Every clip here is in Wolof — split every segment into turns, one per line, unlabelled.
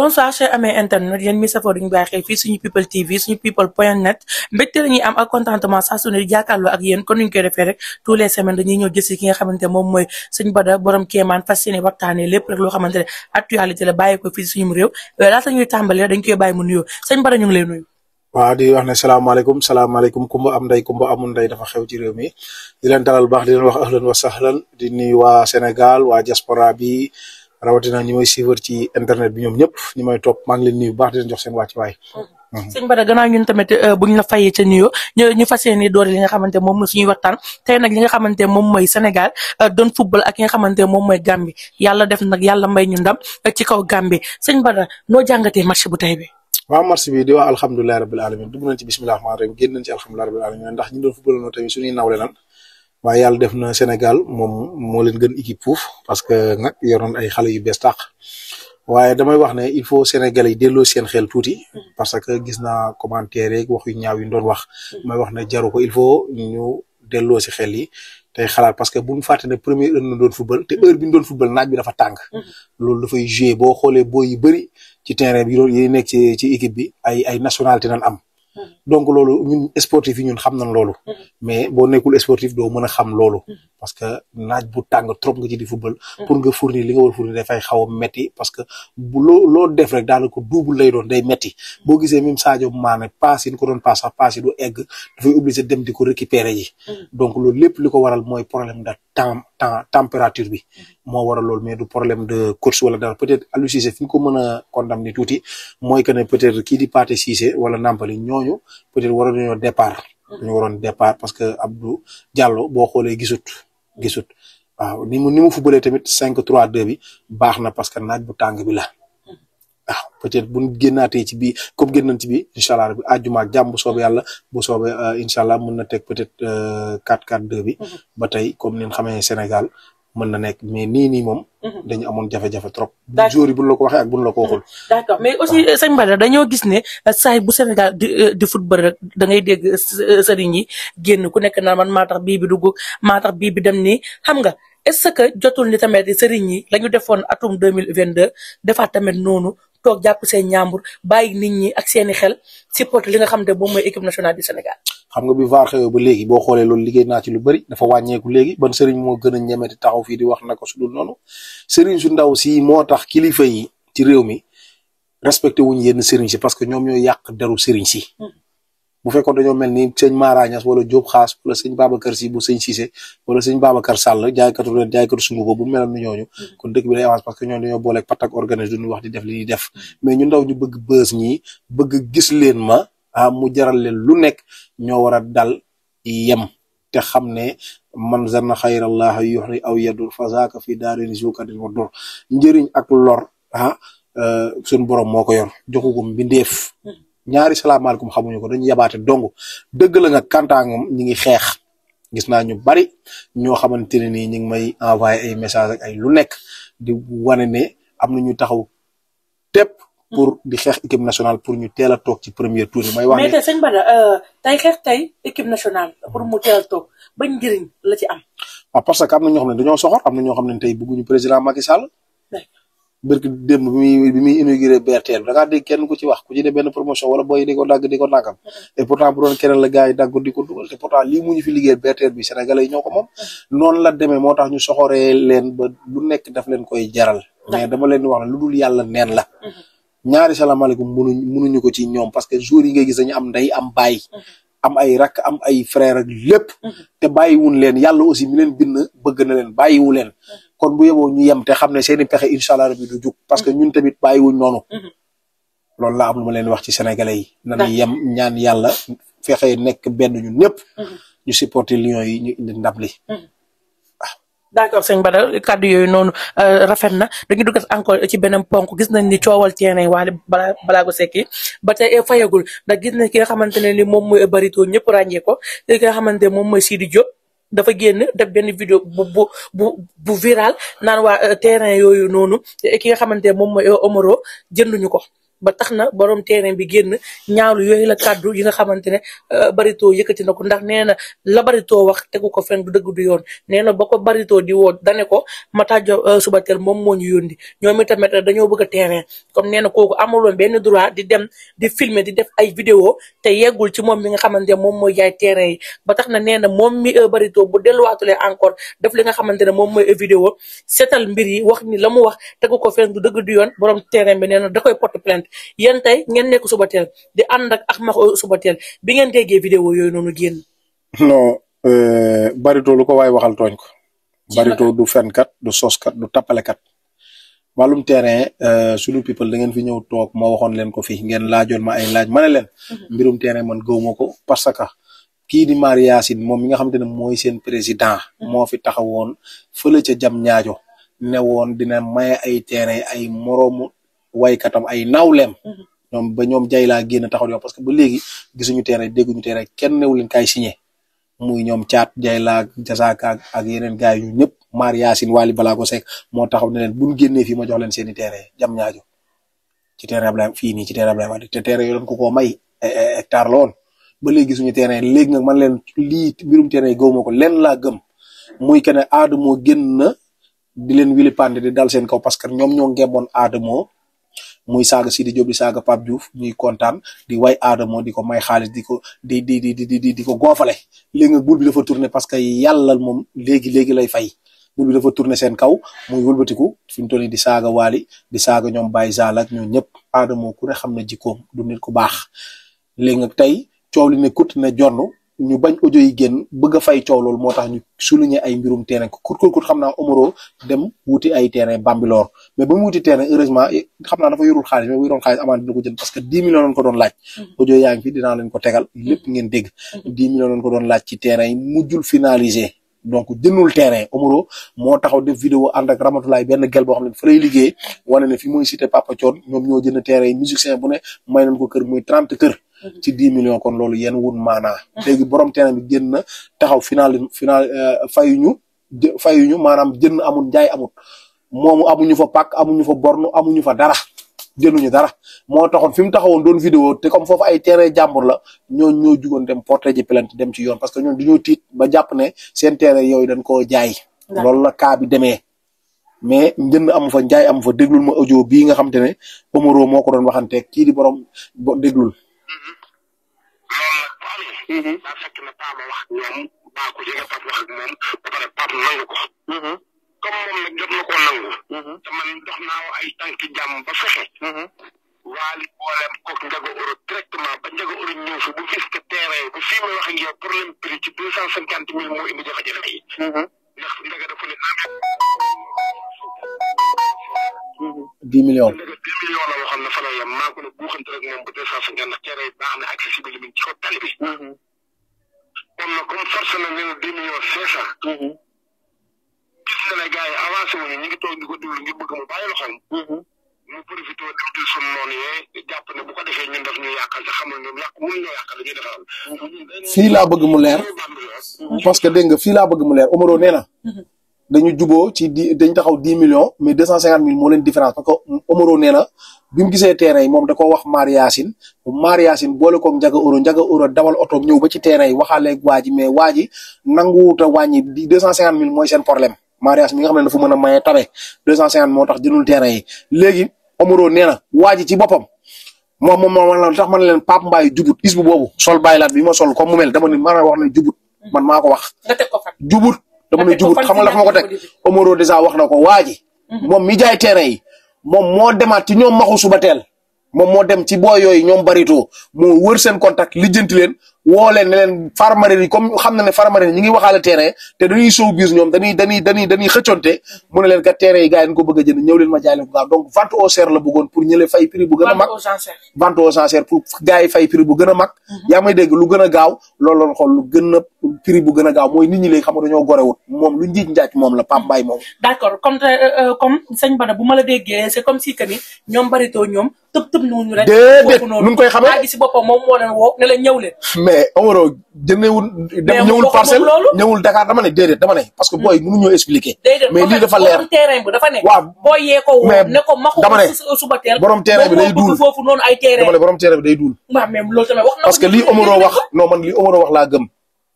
bonsoir chers amee internet yéen mi safoo duñu bàyyi xel fii suñu people tv suñu people point net mbégte lañuy am ak contentement saa su ne di jàkkaarloo ak yéen kon nuñu koy defee rek tous les semaines dañuy ñëw jësi ki nga xamante moom mooy suñu bada borom kéemaan fas yéene waxtaanee lépp rek xamante ne actualité la bàyyi ko fii suñu réew euh, laata ñuy tàmbalee dañ koy bàyyi mu nuyoo sëñ bada ñu ngi lay nuyu
waaw di wax ne salaamaaleykum salaamaaleykum kumba am ndey kumba amul ndey waa Sénégal waa diaspora bi rawatina ñi may suivre ci internet bi ñoom ñëpp ñi may topp maa ngi leen nuyu bu baax di leen jox seen wàccuwaay.
Mm-hmm. sëñ Bada gannaaw ñun tamit euh, buñ la fayee ca nuyoo ñu ñu fas yéene doore li nga xamante moom mooy moom mooy Sénégal euh, doon football ak li xamante moom mooy Gambie yàlla def nag yàlla may ñu a euh, ci kaw Gambie sëñ Bada noo jàngatee match bu tey bi.
waaw match bi di wax alhamdulilah rabil alamin dugg nañ ci bisimilah rahmaani rahiim génn nañ ci alhamdulilah rabil alamin ndax ñi waaye yàlla def na Sénégal moom moo leen gën équipe fuuf parce que nag yoroon ay xale yu bees tàq waaye damay wax ne il faut Sénégalais yi delloo seen xel tuuti parce que gis naa commentaire yeeg wax yu ñaaw yu ñu doon wax may wax ne jaru ko il faut ñu delloo si xel yi tey xalaat parce que bu ñu fàtte ne première heure na doon football te heure bi ñu doon football naaj bi dafa tàng loolu dafay joué boo xoolee boo yu bëri ci terrain bi yi nekk ci ci équipe bi ay ay nationalité nañ am donc loolu ñun sportif yi ñun xam nañ loolu. Mm-hmm. mais boo nekkul sportif doo mën a xam loolu. Mm-hmm. parce que naaj bu tàng trop nga ci di football. Mm-hmm. pour nga fournir li nga war a fournir dafay xaw a metti parce que bu loo loo def rek daanaka double lay doon day metti boo gisee même Sadio Mané pass yi ñu ko doon pass a pass yi du egg dafay obligé dem di ko récupérer yi. donc loolu lépp li ko waral mooy problème de temps. temps température bi moo waral loolu mais du problème de course wala dara peut-être Aliou Cissé fi ko mën a condamner tuuti mooy que ne peut-être kii di Pathé Cissé wala Nampali ñooñu peut-être waroon nañoo départ. ñu waroon départ parce que Abdou Diallo boo xoolee gisut gisut waaw ni mu ni mu fubalee tamit cinq 3 2 bi baax na parce que naaj bu tàng bi la. waaw peut bu ñu génnaatee ci bii comme génnan ci bii incha allah rabi àjjuma ak jàmm bu soobee yàlla bu soobee euh, incha allah mën na teg peut-être 4-4-2 euh, bi. Mm-hmm. ba tey comme ni nga xamee Sénégal mën na nekk mais nii nii moom. Mm-hmm. dañu amoon jafe-jafe trop. d' accord bu la ko waxee ak bu la ko waxul. Mm-hmm.
d' accord mais aussi sëñ Bada dañoo gis ne euh, saay bu Sénégal di di football rek da ngay dégg sëriñ yi génn ku nekk naan man maa tax bii bi dugg maa bii bi dem nii xam nga. est-ce que jotul ni tamit sëriñ yi la ñu defoon atum deux mille vingt deux defaat tamit noonu toog jàpp seen ñaambur bàyyi nit ñi ak seeni xel supporter li nga xam ne moom mooy équipe nationale bi Sénégal.
xam nga bi VAR xewee ba léegi boo xoolee loolu liggéey naa ci lu bëri dafa wàññeeku léegi ban sëriñ moo gën a ñemeti taxaw fii di wax naka su dul noonu sëriñ su ndaw si moo tax kilifa yi ci réew mi respecté wuñ yenn sëriñ parce que ñoom ñooy yàq deru sëriñ si mm. bu fekkoon dañoo mel ni sëñ Mara Niass wala Diop Xaas wala sëñ Babacar Si bu sëñ Cissé wala sëñ Babacar Sall jaaykatu leen jaaykatu sunu ko bu meloon ni ñooñu mm-hmm. kon dëkk bi day que ñooñu dañoo booleeg patak organisé duñu wax di def li mais ñu ndaw ñu bëgg bës ñi bëgg gis leen ma ah mu jaral leen lu nekk ñoo war a dal yem te xam ne man zanna xayrallah yuxri aw yadur fa zaaka fi daarin zukatin wa dur njëriñ ak lor ah euh, sun borom moo ko yor joxu ñaari salaamaaleykum xamuñu ko dañu yabaate dong dëgg la nga kantaangam ngi xeex gis naa ñu bari ñoo xamante ne nii ñu ngi may envoyé ay message ay lu nekk di wane ne am na ñu taxaw tepp pour hmm. di xeex équipe nationale pour ñu teel a toog ci premier tour yi. may wax ne
mais tey euh, pour mu teel a toog bañ njëriñ la am.
a parce que am na ñoo xam ne dañoo soxor am na ñoo xam ne tey bëgguñu président Macky Sall. bërki démb bi muy inauguré BRT da ngaa dégg kenn ku ci wax ku ci ne benn promotion wala booy di ko dagg di ko nangam et pourtant bu doon keneen la mu ñu fi liggéey BRT bi Sénégalais yi ñoo ko moom noonu la demee moo tax ñu soxoree leen ba lu nekk daf leen koy jaral mais dama leen di wax ne lu dul yàlla neen la ñaari salaamaaleykum munuñ munuñu ko ci ñoom parce que jour yi ngay gis dañu am ndey am baay am ay rak am ay frère ak lépp te bàyyiwun leen yàlla aussi mi leen bind bëgg na leen bàyyiwu leen kon bu yeboo ñu yem te xam ne seen i pexe incha allah rabi du jug parce que ñun tamit bàyyiwuñ noonu. Mhm. loolu laa am lu ma leen wax ci sénégalais yi. nañu yem ñaan yàlla fexe nekk benn ñun ñëpp. Mhm. ñu supporter Lions yi ñu indi ndab li. Mhm.
Ah. d'accord sëñ Badara kàddu yooyu noonu euh, rafet na dañu duggas encore ci beneen ponk gis nañ ni coowal terrain Wally Ballago Seck ba tey euh, fayagul ndax gis nañ ki nga xamante ne ni moom mooy Barito ñëpp ràññee ko ki nga xamante moom mooy Sidi Diop. dafa génn def benn vidéo bu bu bu bu viral naan waa euh, terrain yooyu noonu ki nga xamante ne moom mooy euh, Omaro jënduñu ko. ba tax na borom terrain bi génn ñaawlu yooyu la kàddu yi nga xamante ne euh, Barito yëkkati na ko ndax nee na la Barito wax tegu ko fenn du dëgg du yoon nee na ba ko Barito di woo dane ko Matar Diop euh, Soubatel moom moo ñu yónni ñoom itamit dañoo bëgg a terrain comme nee na kooku amuloon benn droit di dem di filmer di def ay vidéo te yeggul ci moom mi nga xamante ne moom mooy jaay terrain yi ba tax na nee na moom mi euh, Barito bu delluwaatulee encore def li nga xamante ne moom mooy vidéo seetal mbir yi wax ni la mu wax tegu ko fenn dëgg du yoon yéen tey ngeen nekk suba teel di ànd ak ak ma suba teel bi ngeen déggee vidéo yooyu noonu génn.
non euh, Barito ko waaye waxal tooñ ko. Barito du fenkat du soskat du tappalekat wàllum terrain euh, sunu people da ngeen fi ñëw toog moo waxoon leen ko fii ngeen laajoon ma ay laaj ma ne leen. Mhm. mbirum terrain man gëw ma ko parce que. kii di Mari Yacine moom mi nga xamante ne mooy seen président. Mhm. moo fi taxawoon fële ca jam ñaajo ne woon dina maye ay terrain ay moroomu waykatam ay nawleem. Mhm. ñoom ba ñoom jay laa génn taxu yow parce que ba léegi gisuñu teere dégguñu teere kenn newu leen kaay signé muy ñoom caat jay laa jasaaka ak yeneen gars yi ñu ñëpp maar yaasin waali balaa ko seek moo taxaw ne leen buñ génnee fii ma jox leen seeni teere jam ñaajo ci teere Ablaye fii nii ci teere Ablaye Wade te teere yoo doon ko koo may e, e, hectare la woon ba léegi gisuñu teere léegi nga man leen lii mbirum teere gëw ma ko leen laa gëm muy kene ne aadamoo génn na di leen wili pande di dal seen kaw parce que ñoom ñoo ngemboon aadamoo muy saaga Sidi Diop di saaga Pape Diouf ñuy kontaan di way aadamo di ko may xaalis di ko di di di di di ko goofale léegi nga tourné parce que yàlla moom léegi léegi lay fay bul bi dafa tourné seen kaw muy wëlbatiku fi mu toll di saaga waali di saaga ñoom Baye Zall ak ñoom ñëpp aadamo ku ne xam na jikkoom du nit ku baax léegi nga tey coow li ne kut jonn ñu bañ audio yi génn bëgg a fay coow loolu moo tax ñu souligner ay mbirum terrain kur kur kur xam na Omaro dem wuti ay terrain Bambilor mais ba mu wuti terrain heureusement eh, xam naa dafa yorul xaalis mais bu yoroon xaalis amaan dina ko parce que 10 millions lañ ko doon laaj. Mm-hmm. audio yaa ngi leen ko tegal mm-hmm. lépp ngeen dégg. 10 mm-hmm. millions lañ ko doon laaj ci terrain yi mujjul finaliser. donc jëndul terrain Omaro moo taxaw def vidéo ànd ak Ramatoulaye benn gel boo xam ne fa lay liggéey wane na fi mooy cité Papa Thion ñoom ñoo jënd terrain yi musicien bu ne may kër. ci dix millions kon loolu yéen wun maanaa léegi borom terrain bi jën na taxaw final final euh, ñu fayuñu maanaam jënd amul jaay amul moomu amuñu fa pàkk amuñu fa bornu amuñu fa dara jënduñu dara moo taxoon fi mu taxawoon doon vidéo te comme foofu ay terrain jàmbur la ñoo ñoo jugoon dem porté ji dem ci yoon parce que ñoom dañoo tiit ba jàpp ne seen terrain yooyu dañ koo jaay loolu la cas bi demee mais njënd amu fa njaay amu fa déglul ma audio bii nga xam ne Omaro moo ko doon waxanteeg kii di borom déglul
Mm-hmm. daa fekk na paa a wax ak ñoom baa ko jege pap wax ak moom ba pare pap nangu ko. Mm-hmm. comme moom nag jot na koo nangu. Mm-hmm. te man dox naa ay tànki jàmm ba fexe. waali booleem kook njago euro directement ba njago euro
ñëw fi bu gis que terrain bu fii may wax ak yow problème prix deux cent cinquante mille moo indi jafe-jafe yi. ndax njaga ne dix millions na fa la bu deux cent cinquante ndax terrain yi
accessible mi ngi ci ko tali bi. xam na comme force na ne la deux millions cinq cent.
Mhm. gis na ne gars yi avancé wuñu ñu ngi toog di ko déglu ngir bëgg mu bàyyi loxoom. mu mhm. profité def sunu noonu yee jàpp ne bu ko defee ñun daf ñu yàqal te xamul ñoom yàq mun ñoo yàqal dañuy defaral. Mhm. fii laa bëgg mu leer. parce que dégg nga fii laa bëgg mu leer Omaro nee na. dañu juboo ci di dañ taxaw dix millions mais deux cent cinquante mille moo leen différence parce que Omaro nee gisee terrain yi moom da ko wax Mar Yacine Mar Yacine boole koog Ndiaga Euro Ndiaga Euro dawal oto ñëw ba ci terrain yi waxaaleeg waa ji mais waa ji nanguwuut a wàññi deux cent cinquante mille mooy seen problème Mar Yacine mi nga xam ne dafa mën a maye tabe deux cent cinquante moo tax jëlul terrain yi léegi Omaro nee na waa ji ci boppam moom moom moom la tax man leen Pape Mbaye jubut boobu sol bàyyi laat bi ma sol comme mu mel dama ni man wax maa ko wax jubut dama lay jugut xam nga la fa ma ko teg Omaro dèjà wax na ko waa ji. Mhm. moom mi jaay terrain yi moom moo demaat ci ñoom maxu suba teel moom moo dem ci booy yooyu ñoom barito moo wër seen contact lijjanti leen woo leen ne leen farmarin yi comme xam na te dañuy sow ñoom dañuy dañuy xëcconte mu ne leen kat terrain yi gars yi ko bëgg ma jaay leen ko gaaw donc vente aux enchères la bëggoon pour ñële fay prix bu gën a mag vente aux enchères pour fay prix bu gën a mag mhm. yaa may lu gën gaaw loolu loon lu gën a bu gën gaaw mooy nit ñi léegi xam nga dañoo gorewut moom lu njiit njaaj moom la Pape moom
d'accord comme euh, euh, comme sëñ bu ma la comme si que ni
mais Omaro jëndewul dem ñëwul parcelle ñëwul Dakar dama ne déedéet dama ne parce que booy hmm. mënu ñoo expliquer mais lii dafa leer
terrain borom terrain bi day duul parce que lii Omaro wax
non man lii Omaro wax laa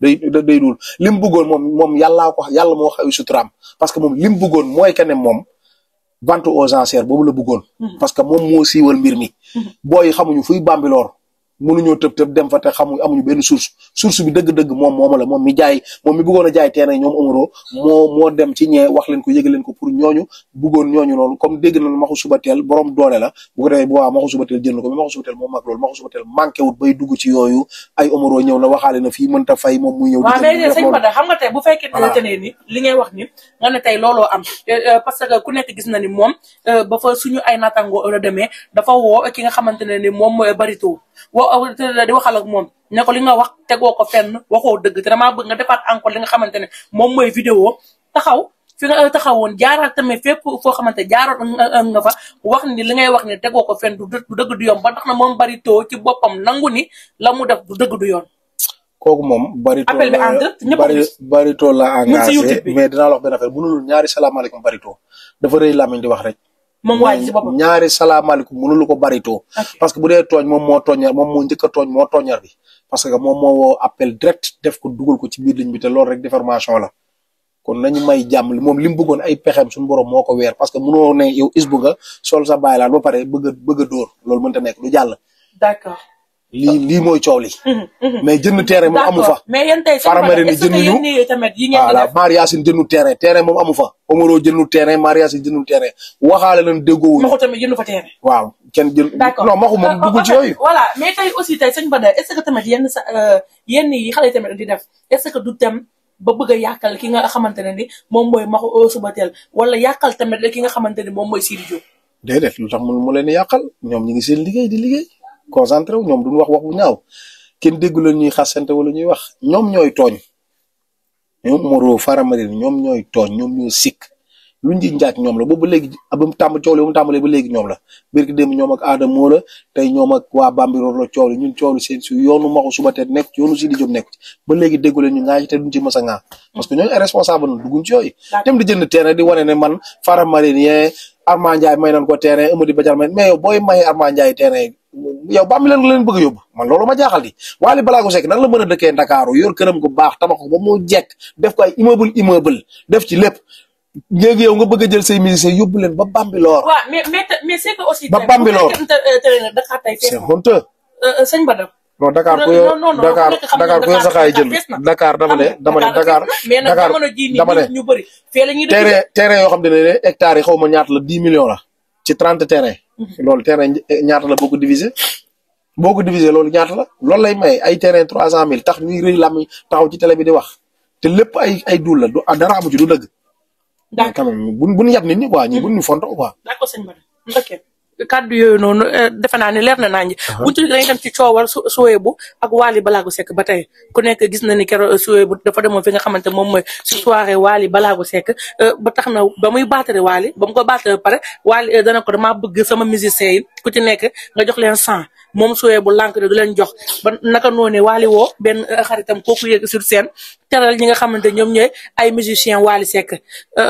day day duul li mu bëggoon moom moom yàllaa ko yàlla moo xaw suturaam parce que moom li mu bëggoon mooy kene moom vente aux enchères boobu la bëggoon hmm. parce que moom moo siiwal mbir mi hmm. booy xamuñu fuy Bambilor mënuñoo tëb tëb dem fa te xamuñ amuñu benn source source bi dëgg-dëgg moom mooma la moom mi jaay moom mi bëggoon a jaay teene ñoom Omaro moo moo dem ci ñee leen ko yëg leen ko pour ñooñu bëggoon ñooñu noonu comme dégg na maxu subateel borom doole la bu ko defee bu waa maxu subateel jënd ko mais maxu subateel moom mag loolu maxu fii mënta fay moom muy ñëw waaw mais
li ngay wax ni nga ne tey looloo am euh, euh, parce ku nekk gis na ni moom euh, ba fa suñu ay ngoo la demee dafa woo ki nga xamante ne ni moom mooy barito boo auditeur la di waxal ak moom ne ko wax tegoo ko fenn waxoo dëgg te damaa bëgg a defaat encore li nga xamante ne moom mooy vidéo taxaw fi nga taxawoon jaaraat tamit fépp foo xamante jaaroon nga fa wax ni li ngay wax ni tegoo ko fenn du dëgg du yoon ba tax na moom bari ci boppam nangu ni la mu def du dëgg du yoon.
kooku moom barito appel bi en a ñëpp barito la engagé mais dinaa la wax benn affaire bu nulul ñaari salaamaaleykum barito dafa rëy làmmiñ di wax rek moom waa ji si boppam ñaari salaamaaleykum lu ko baritoo too parce que bu dee tooñ moom moo tooñar moom moo njëkk a tooñ moo tooñar bi parce que moom moo woo appel direct def ko dugal ko ci biir ligne bi te loolu rek déformation la kon nañu may jàmm moom li mu bëggoon ay pexeem suñu borom moo ko weer parce que mënoo ne yow is bu nga sol sa bàyyi laal ba pare bëgg a bëgg a dóor loolu mënta nekk du jàll d'accord lii lii mooy coow li mhm,
mhm. mais jënd terrain moom amu fa. mais yéen tey seen tamit yi ngeen voilà Maar
Yacine jëndu terrain terrain moom amu fa. Omaro jëndu terrain Maar Yacine jëndu terrain waxaale leen déggoo. Maxu
tamit jëndu fa terrain. waaw kenn jënd. d'accord non Maxu moom euh, mais tey aussi tey sëñ Bada est-ce sa euh, yenn yi xale tamit di def est que du tem ba bëgg a yàqal ki nga xamante ne ni moom mooy Maxu euh, suba teel wala yàqal tamit ki nga xamante ne moom mooy Sidi Diop.
déedéet mu leen yàqal ñoom ñi ngi seen liggéey di liggéey concentré wu ñoom duñ wax wax bu ñaaw kenn déggu leen ñuy xasante wala ñuy wax ñoom ñooy tooñ ñoom moro faramarin ñoom ñooy tooñ ñoom ñoo sikk luñ ji njaaj ñoom la boobu ba léegi ba mu tàmm coow li mu tàmbalee ba léegi ñoom la biir dem ñoom ak aadam la tey ñoom ak waa Bambilor la ñun coow li seen su yoonu maxu suba te nekk yoonu si ba léegi déggu leen ñu ngaa te duñ ci mës a parce que ñooñu ay responsable na dugguñ ci yooyu dem di jënd terrain di wane man faramarin yee Armand Ndiaye may nañ ko terrain Amady Badiane may mais yow booy may Armand Ndiaye terrain yow bàmmeel nga leen bëgg a yóbbu man loolu ma jaaxal di balaa Ballago Seck nan la mën a dëkkee Ndakaaru yor këram gu baax tama ko ba mu jekk def ko ay immeuble immeuble def ci lépp léegi yow nga bëgg jël say musiciens yóbbu leen ba Bambilor. waaw
mais mais mais c'est que aussi. ba Bambilor c'est honteux. Euh, euh, sëñ de
non Dakar ku yor Dakar Dakar ku yor sa xaay jënd Dakar dama ne dama ne Dakar. Dakar dama ne. terrain terrain yoo xam ne ne hectares yi xaw ma ñaata la dix millions la. ci trente terrain. Mhm. loolu terrain eh, ñaata la boo ko diviser. boo ko diviser loolu ñaata la loolu lay may ay terrain trois cent mille tax ñuy rëy làmm taxaw ci télé bi di wax te lépp ay ay duul la a ah, dara amu ci du dëgg. d'accord mais quand même buñ buñ yab nit ñi quoi ñi ñu fonto
kàddu yooyu noonu eh, defe naa ni leer na naa ñi bu ñu tuddee dañuy dem ci coowal Suwaybu ak Waly Balago Seck ba tey ku nekk gis na ni keroog eh, Suwaybu dafa demoon fi nga xamante moom mooy si soirée Waly Balago Seck eh, ba tax na ba muy baatare Waly ba mu ko baatare pare Waly dana ko damaa bëgg sama musicien yi ku ci nekk nga jox leen sang moom Suwaybu lànk ne du leen jox ba naka noonee Waly woo benn xaritam kooku yëg sur scène teral ñi nga xamante ñoom ñooy ay musicien Waly Seck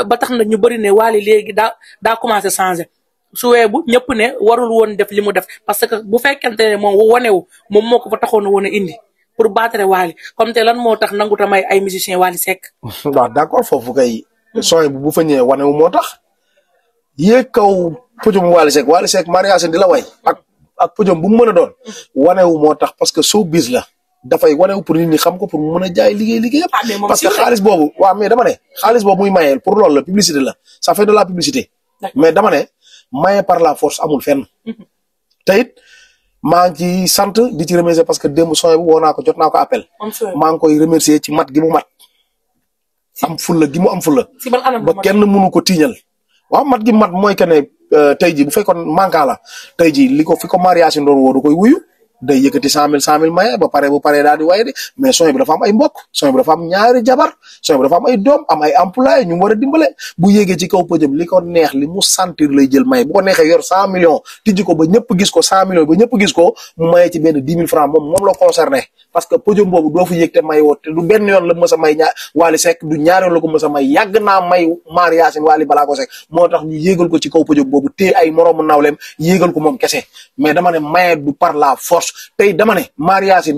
ba tax na ñu bëri ne Waly léegi daa daa commencé changé suwee bu ñëpp ne warul woon def li mu def parce que bu fekkente ne moom wanewu moom moo ko fa taxoon woon a indi pour battre Wally comme te la moo tax nangu tamay ay musicien Wally Seck.
waaw d' accord foofu kay. Hmm. suweebu bu fa ñëwee wanewu moo tax. yéeg kaw pujum Wally Seck Wally Seck mariage di la way ak ak pujum bu a doon. Hmm. wanewu moo tax parce que showbiz la. dafay wanewu pour nit ñi xam ko pour mu mën a jaay liggéey liggéey yëpp. Ah, parce que xaalis boobu waaw mais dama xaalis boobu muy mayeel pour loolu la publicité la ça fait de la publicité. mais dama ne. maye par la force amul fenn. Mhm. te it maa ngi sant di ci remercier parce que démb sooy bu woo naa ko jot naa ko appel. maa ngi koy remercier ci mat gi mu mat. am fulla gi mu am fulla ba kenn mënu ko tiiñal. waaw mat gi mat mooy que ne euh, tey jii bu fekkoon manqué la tey jii li ko ko mariage ndoor woo koy wuyu. da yëkkati cent mille cent mille maye ba pare bu paree daal waye de mais son bi dafa am ay mbokk son bi dafa am ñaari jabar son bi dafa am ay doom am ay employé ñu ko neex li mu sentir lay jël cent millions tijji ko ba ñëpp gis ko cent millions ba ñëpp gis ko mu maye ci benn dix mille francs moom moom la concerné parce que pëjam boobu doo fa te may woo du benn yoon la mës a may ñaar Wally du ñaari yoon la ko mës a may yàgg naa may Mar Yacine Wally Ballago Seck moo tax ñu yéegal ko ci kaw pëjam boobu te ay moroomu nawleem yéegal ko moom kese mais dama ne maye du par force tey dama ne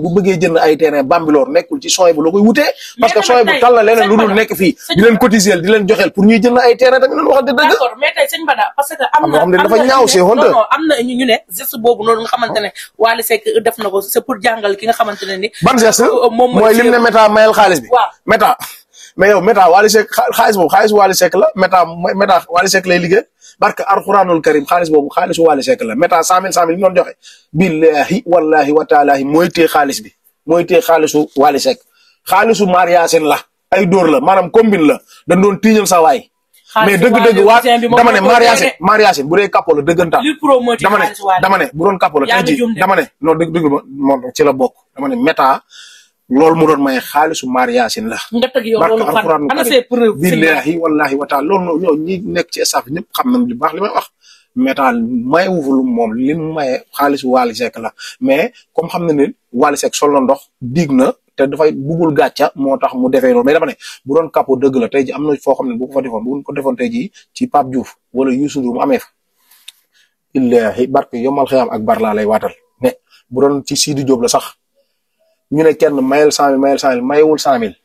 bu bëggee jënd ay terrain bambilor nekkul ci sooy bu la koy wutee parce que sooy bu tal leneen lu dul nekk fii di leen cotiser di leen joxeel pour ñuy jënd ay terrain tamit na
am na dafa ñaaw c'est honte am na ñu ah. euh, euh, mooy lim ne mayel xaalis bi
méta mais yow méta xaalis boobu xaalis Wally la méta méta Wally Seck lay barke arxuraanul karim xaalis boobu xaalisu Wally Seck la méta cent mille cent mille joxe billahi wallahi wa taalaahi xaalis bi mooy téye xaalisu Wally Seck xaalisu Mar la ay dóor la maanaam combine la dañ doon tiiñal sa waay mais dëgg-dëgg waa dama ne Mar Yacine Mar Yacine bu dee kàppo la dëggantaan dama ne dama ne bu la tey ji non dëgg dëgg ma ci la bokk dama ne loolu mu doon maye xaalisu maar yaasin la.
nga teg yow loolu fan ana see preuve billaahi
wallaahi nekk ci staff ñëpp xam nañ li baax li may wax. métal maye wu fa moom li mu maye xaalisu Wally Seck la mais comme xam na ne Wally Seck solo ndox diig na te dafay bugul gàcca moo tax mu defee loolu mais dama ne bu doon capot dëgg la tey am na foo xam ne bu ko fa defoon bu ko defoon tey ji ci Pape Diouf wala Youssou Ndour mu amee fa. illaahi barke yomal xiyam ak bar laa lay waatal mais bu doon ci Sidi Diop la sax. ñu ne kenn mayel cent mille mayel cent mille mayewul cent mille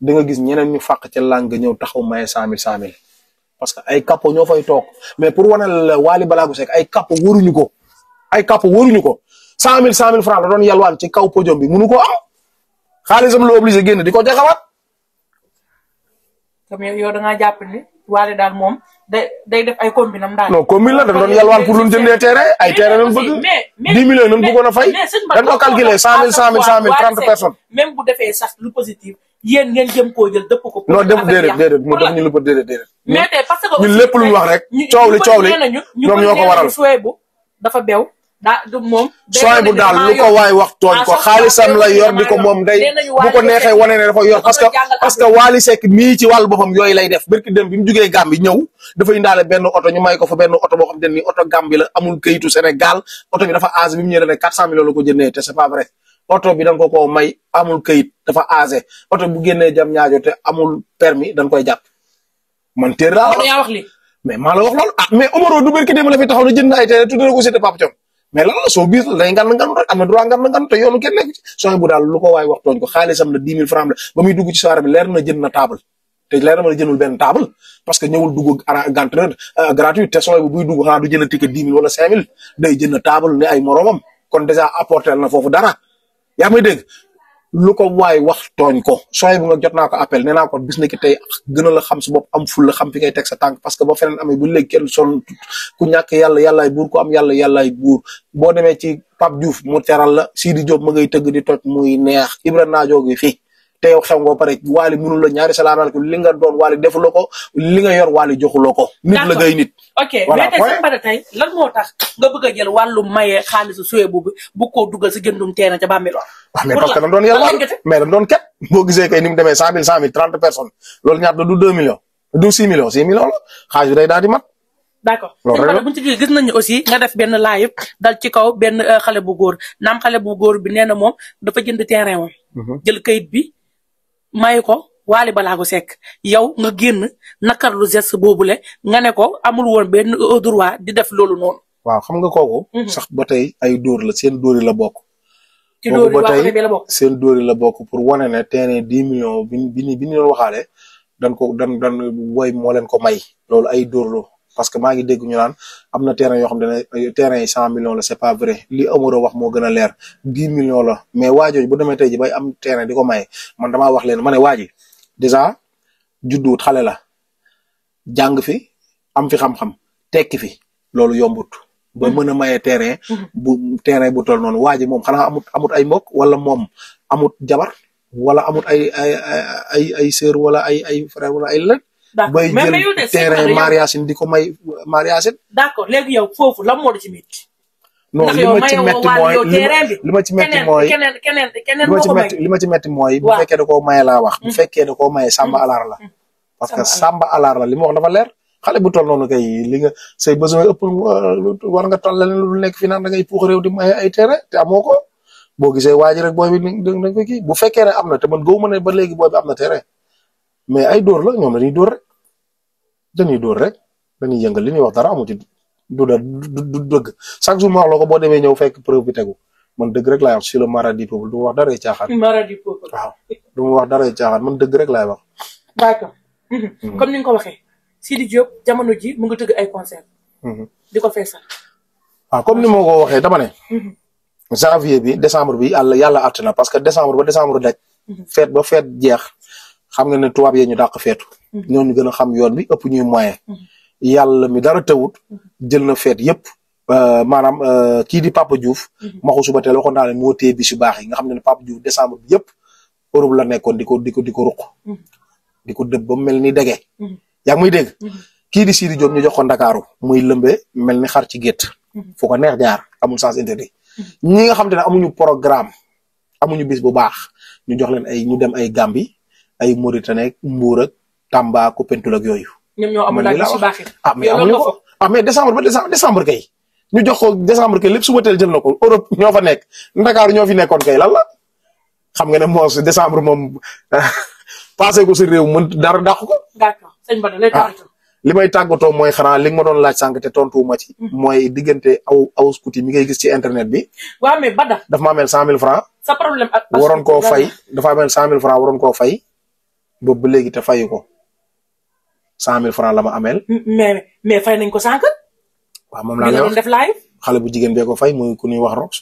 nga gis ñeneen ñu fàq ca làng ñëw taxaw maye cent mille cent mille parce que ay kapo ñoo fay toog mais pour wane la Wally Ballago Seck ay kapo waruñu ko ay kapo waruñu ko cent mille cent mille francs la doon yalwaan ci kaw podium bi mënu ko am xaalisam la obligé génn di ko jaxawaat.
comme yow da ngaa jàpp ni Wally daal moom. day day def ay combine am daal. non combine la dañ doon yalwaan pour lu ñu jëndee terrain ay terrain lañ bëgg. mais
10 millions nañ bëggoon a fay. dañ ko calculer 100000 100000 100000 30 personnes.
même bu defee sax lu positif yéen ngeen jëm koo jël dëpp ko. def déedéet déedéet mu def ñu lu
ko déedéet déedéet.
mais lépp lu ñu wax rek. coow li coow li ñoom ñoo ko waral dafa bew du moom. soin bu daal lu ko waay wax tooñ ko xaalisam la yor di ko moom day bu ko neexee wane ne dafa yor parce que parce que Wally
Seck mii ci wàllu boppam yooyu lay def barki dem bi mu jugee Gàmbi ñëw dafa indaale benn oto ñu may ko fa benn oto boo xam te ni oto Gàmbi amul kayitu Sénégal oto bi dafa âgé bi mu ñëwee ne 400 millions la ko nee te c'est pas vrai oto bi da nga ko may amul kayit dafa âgé oto bu génnee jam ñaajo te amul permis dañ koy jàpp man téer laa mais lan la soo biis la day ngan nganu rek am na droit ngan nganu yoonu kenn sooy bu daal lu ko waay wax tooñ ko xaalisam la dix mille francs la ba muy dugg ci soirée bi leer na jënd na table te leer na mën a jëndul benn table parce que ñëwul dugg gant euh, gratuit te sooy bu buy dugg xanaa du jënd ticket dix mille wala cinq mille day jënd table ne ay moromam kon déjà apporter na foofu dara yaa may dégg lu ko waay wax tooñ ko sooy bu nga jot naa ko appel nee ko bis na ki tey gën la xam su bopp am ful la xam fi ngay teg sa tànk parce que ba feneen amee bu léegi kenn son ku ñàkk yàlla yàllaay buur ku am yàlla yàllaay buur boo demee ci Pape juuf mu teral la Sidi Diop ma ngay tëgg di toj muy neex Ibra naajoo gi fii te yow sango pare waali mënul la ñaari salaamaaleykum li nga doon waali defuloo ko li nga yor waali joxuloo ko. nit la ngay nit.
ok mais tey sax pare tey lan moo tax nga bëgg a jël wàllu maye xaalisu suwee boobu bu ko dugal si jëndum teena ca bàmmeel waaw ah, mais parce que dañ doon yor waali
mais dañ doon ket boo gisee kay ni mu demee cent mille cent
aussi nga def benn live dal ci kaw benn euh, xale bu góor naam xale bu góor bi nee na moom dafa jënd terrain moom mhm. jël kayit bi may ko waali balaago sekk yow nga génn nakar lu geste le nga ne ko amul woon benn droit di def loolu noonu.
waaw xam nga kooku. Mhm. sax ba tey ay dóor la seen dóori la bokk. ci dóori ba tey seen dóori la bokk pour wane ne terrain dix millions bi bi ñu bi ñu doon waxaale dan ko dan dan woy moo leen ko may loolu ay dóor la parce que maa ngi dégg ñu am na terrain yoo xam ne terrain yi cent millions la c'est pas vrai li Omaro wax moo gën a leer dix millions la mais waajooju bu demee tey ji bay am di ko maye man damaa wax leen ma ne waa ji déjà judduwut xale la jàng fi am fi xam-xam tekki fi loolu yombut ba mën a maye terrain bu terrain bu tol noonu waa ji moom xanaa amut amut ay mbokk wala moom amut jabar wala amut ay ay ay ay wala ay ay frère wala ay lëg
bay jël terrain mariage
di ko may mariage
d' accord léegi yow foofu lan moo la ci métti. li ma ci métti mooy li ma ci metti mooy keneen keneen keneen moo ko may
li ma ci métti mooy. bu fekkee da koo maye laa wax. Mm-hmm. bu fekkee da koo maye sàmba mm-hmm. alaar la. Mm-hmm. parce que sàmba alaar la li ma wax dafa leer. xale bu toll noonu kay li nga say besoin ëpp euh, war nga toll leneen lu nekk fi naan da ngay puux réew di maye ay amoo ko boo gisee waa ji rek booy bi da kii bu fekkee ne am na te man gëw ma ne ba léegi booy bi am na tere mais ay door la ñoom dañuy dóor rek dañuy dóor rek dañuy yëngal li ñuy wax dara amu ci du du dëgg chaque jour ma wax la ko boo demee ñëw fekk preuve bi tegu man dëgg rek laay wax sur le maradi peuple du wax dara
caaxaan. maradi peuple
waaw wax dara caaxaan man dëgg rek laay wax.
d'accord mhm. Mhm. comme ni nga ko waxee Sidi Diop jamono ji mu ngi tëgg ay concert mhm. di ko feesal.
a ah, comme ni ma ko waxee dama ne. janvier bi décembre bi yàlla yàlla àtt na parce que décembre ba décembre daj. feet ba feet jeex. xam nga ne tubaab ye ñu dàq feetu mm-hmm. ñoo ñu gën a xam yoon bi ëpp ñuy moyen mm-hmm. yàlla mi dara tawut mm-hmm. jël na feet yëpp euh, maanaam euh, kii di Papa juuf maxu suba teel waxoon naa leen moo téye bis baax yi nga xam ne Papa Diouf décembre bi yëpp Europe la nekkoon di ko di ko di ko ruq di ko dëb ba mel ni dege yaa muy dégg kii di Sidi ñu jox ko Ndakaaru muy lëmbe mel ni xar ci get fu neex jaar amul sens interdit ñi nga xam te ne amuñu programme amuñu bis bu baax ñu jox leen ay ñu dem ay Gambie ay Mauritanie ak Mbour ak Tamba ak Koumpentoum ak yooyu.
ñoom ñoo amul laaj su baaxee. ah mais amuñu ko
ah mais décembre ba décembre décembre kay. ñu jox ko décembre kay lépp suba teel jël ko Europe ñoo fa nekk Ndakaaru ñoo fi nekkoon kay la. xam nga ne moos décembre moom passé ko si réew mën dara dàq ko.
d'accord sëñ Bada lay ah, tàggatoo.
li may tàggatoo mooy xanaa li ma doon laaj sànq te tontuwuma ci. Mm-hmm. mooy diggante a aw scouti mi ngay gis ci internet bi.
waaw mais Bada.
dafa maa mel cent mille francs.
sa problème ak waroon koo fay
dafa mel cent mille francs waroon koo fay. boobu bu léegi te fayu ko cent mille francs la ma ameel. mais mais fay nañ ko sànq. waaw moom laa lay wax def live. xale bu jigéen bee ko fay muy ku ñuy wax Rox.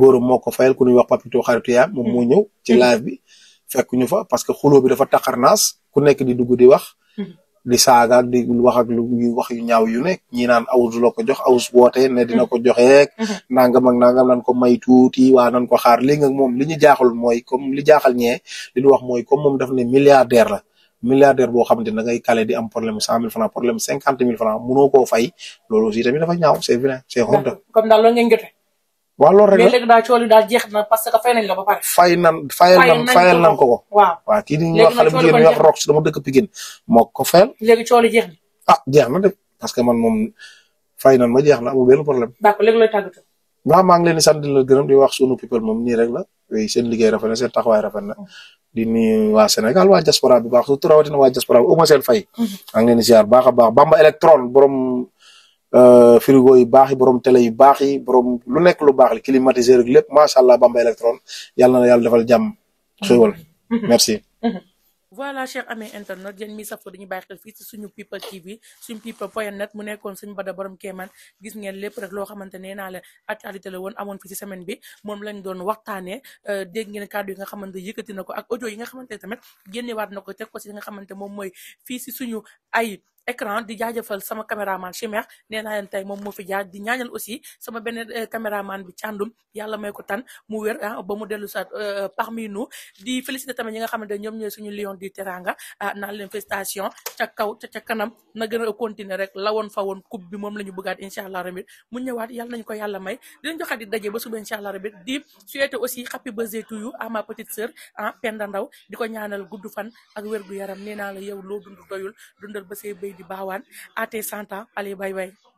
góoram moo ko fayal ku ñuy wax Papito xaritu yaam moom moo mm. ñëw. ci mm. live bi fekk ñu fa parce que xuloo bi dafa taxar naas ku nekk di dugg di wax. di saaga di wax lu wax yu ñaaw yu nekk ñi naan awus la ko jox awus woote ne dina ko joxeek nangam ak nangam nan ko may tuuti waa nan ko xaar léegi nag moom li ñu jaaxul mooy comme li jaaxal ñee li ñu wax mooy comme moom def ne milliardaire la milliardaire boo xamante ne da ngay kale di am problème cent mille francs problème cinquante mille francs mënoo koo fay loolu aussi tamit dafa ñaaw c'est vrai c'est honte comme daal loolu waaw loolu rek la léegi
daal coono daal jeex na parce que fay
nan fayal nan fayal nan ko ko. waaw kii di ñuy wax xale bu jigéen ñuy wax rox dama dëkk Pikine moo ko fayal. léegi jeex na. ah jeex de parce que man moom fay nan ma jeex na amul benn
problème. d'accord léegi looy tàggatoo.
waaw maa ngi leen di sant di leen gërëm di wax sunu people moom nii rek la seen liggéey rafet na seen taxawaay rafet na di nuyu waa Sénégal waa diaspora bi baax surtout rawatina waa diaspora bi au moins seen fay. maa ngi leen di ziar baax a baax Bamba Euh, frigo yu baax yi borom télé yu baax yi borom lu nekk lu baax li climatiseur ak lépp macha allah Bamba Electronics yàlla na yàlla defal jàmm. xéwal merci.
voilà cher amee internet yéen mi safo dañuy bàyyi xel fii ci suñu people mu nekkoon suñu bada borom kéemaan gis ngeen lépp rek loo xamante nee naa la actualité la woon amoon fii ci semaine bi moom lañ doon waxtaanee euh, dégg ngeen kàddu yi nga xamante yëkkati na ko ak audio yi nga xamante tamit génnewaat na ko teg ko ci nga xamante moom mooy fii si suñu ay écran di jaajëfal sama caméraman Chimère nee naa leen tey moom moo fi jaar di ñaanal aussi sama benn euh, caméraman bi càndum yàlla may ko tan mu wér ah ba mu dellu sa euh, parmi nous di félicité tamit ñi nga xamante ne ñoom ñooy suñu lion di teranga ah naan leen félicitation ca kaw ca kanam na gën a continuer rek lawoon fa woon coupe bi moom la ñu bëggaat incha allah rabbi mu ñëwaat yàlla nañu ko yàlla may dinañ joxaat di daje ba suba incha allah rabbi di souhaiter aussi happy birthday ah, ah, Ndaw di ko ñaanal gudd fan ak wér yaram nee naa yow loo dund doyul di baawaan ate santa ale bay bay